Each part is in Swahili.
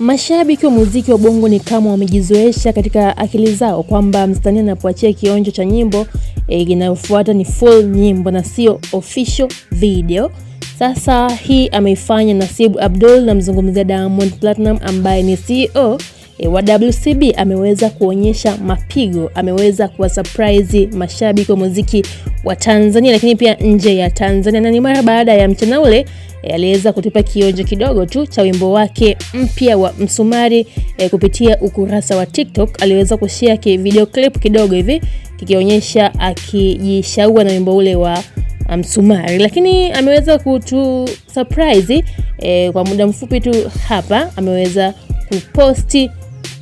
Mashabiki wa muziki wa bongo ni kama wamejizoesha katika akili zao kwamba msanii anapoachia kionjo cha nyimbo e, inayofuata ni full nyimbo na sio official video. Sasa hii ameifanya Nasibu Abdul, namzungumzia Diamond Platinum ambaye ni CEO e, eh, wa WCB. Ameweza kuonyesha mapigo, ameweza kuwa surprise mashabiki wa muziki wa Tanzania, lakini pia nje ya Tanzania, na ni mara baada ya mchana ule Eh, aliweza kutupa kionjo kidogo tu cha wimbo wake mpya wa Msumari e, kupitia ukurasa wa TikTok. Aliweza kushare ki video clip kidogo hivi kikionyesha akijishaua na wimbo ule wa um, Msumari, lakini ameweza kutu surprise e, kwa muda mfupi tu hapa ameweza kuposti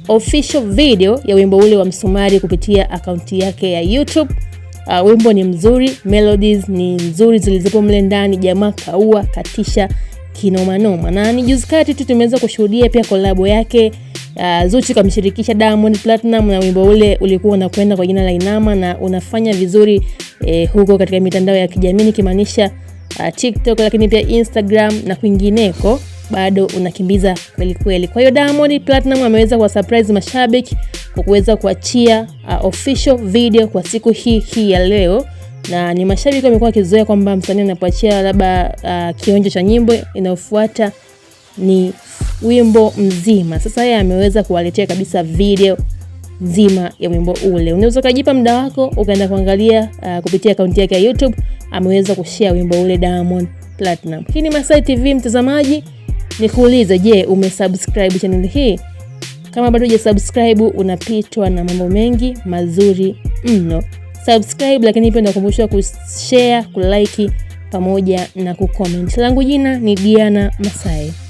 official video ya wimbo ule wa Msumari kupitia akaunti yake ya YouTube Uh, wimbo ni mzuri, melodies ni nzuri zilizopo mle ndani. Jamaa kaua katisha kinomanoma, na ni juzi kati tu tumeweza kushuhudia pia kolabo yake Uh, Zuchu kamshirikisha Diamond Platinum na wimbo ule ulikuwa unakwenda kwa jina la Inama na unafanya vizuri eh, huko katika mitandao ya kijamii nikimaanisha uh, TikTok lakini pia Instagram na kwingineko bado unakimbiza kweli kweli. Kwa hiyo Diamond Platinum ameweza kuwa surprise mashabiki kwa kuweza kuachia uh, official video kwa siku hii hii ya leo na ni mashabiki wamekuwa wakizoea kwamba msanii anapoachia labda uh, kionjo cha nyimbo inayofuata ni wimbo mzima. Sasa yeye ameweza kuwaletea kabisa video nzima ya wimbo ule. Unaweza ukajipa muda wako ukaenda kuangalia uh, kupitia akaunti yake ya YouTube ameweza kushare wimbo ule Diamond Platinum. Hii ni Masai TV mtazamaji. Nikuulize, je, umesubscribe chaneli hii? Kama bado hujasubscribe, unapitwa na mambo mengi mazuri mno. Subscribe, lakini pia nakukumbusha kushare, kulike pamoja na kucomment. Langu jina ni Diana Masai.